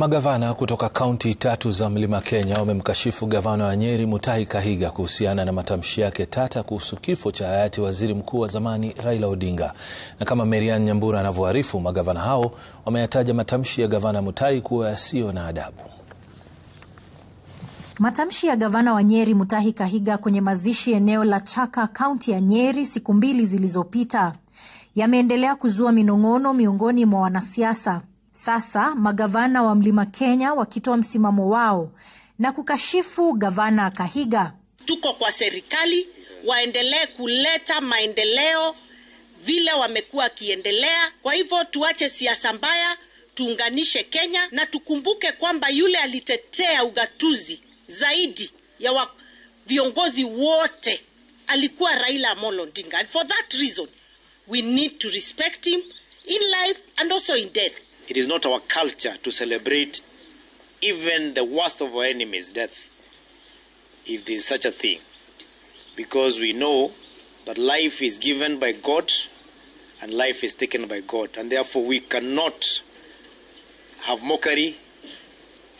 Magavana kutoka kaunti tatu za Mlima Kenya wamemkashifu gavana wa Nyeri Mutahi Kahiga kuhusiana na matamshi yake tata kuhusu kifo cha hayati waziri mkuu wa zamani Raila Odinga. Na kama Marian Nyambura anavyoarifu, magavana hao wameyataja matamshi ya gavana Mutahi kuwa yasiyo na adabu. Matamshi ya gavana wa Nyeri Mutahi Kahiga kwenye mazishi eneo la Chaka, kaunti ya Nyeri, siku mbili zilizopita yameendelea kuzua minong'ono miongoni mwa wanasiasa. Sasa magavana wa Mlima Kenya wakitoa msimamo wao na kukashifu gavana Kahiga. Tuko kwa serikali, waendelee kuleta maendeleo vile wamekuwa wakiendelea. Kwa hivyo tuache siasa mbaya, tuunganishe Kenya na tukumbuke kwamba yule alitetea ugatuzi zaidi ya wa viongozi wote alikuwa Raila Amolo Odinga, for that reason we need to respect him in life and also in death. It is not our culture to celebrate even the worst of our enemies' death, if there is such a thing, because we know that life is given by God and life is taken by God, and therefore we cannot have mockery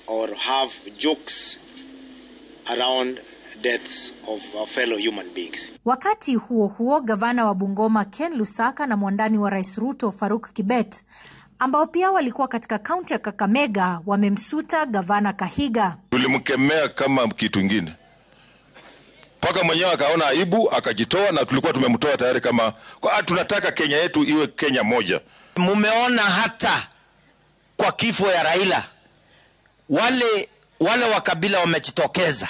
or have jokes around deaths of our fellow human beings. Wakati huo huo, gavana wa Bungoma Ken Lusaka na mwandani wa Rais Ruto Faruk Kibet ambao pia walikuwa katika kaunti ya Kakamega wamemsuta gavana Kahiga. Tulimkemea kama kitu ingine mpaka mwenyewe akaona aibu akajitoa, na tulikuwa tumemtoa tayari. Kama kwa ah, tunataka Kenya yetu iwe Kenya moja. Mumeona hata kwa kifo ya Raila wale wale wa kabila wamejitokeza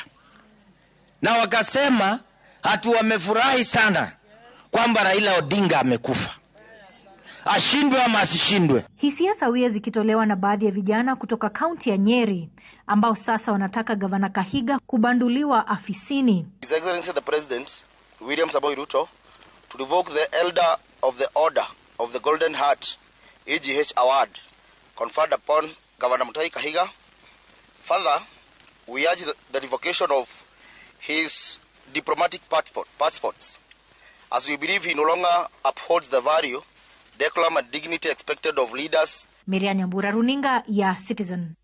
na wakasema hatu wamefurahi sana kwamba Raila Odinga amekufa ashindwe ama asishindwe. Hisia sawia zikitolewa na baadhi ya vijana kutoka kaunti ya Nyeri ambao sasa wanataka gavana Kahiga kubanduliwa afisini. His Excellency the President William Samoei Ruto to revoke the Elder of the Order of the Golden Heart EGH award conferred upon Governor Mutahi Kahiga. Further, we urge the revocation of his diplomatic passport, passports as we believe he no longer upholds the value decorum and dignity expected of leaders. Maria Nyambura, runinga ya Citizen.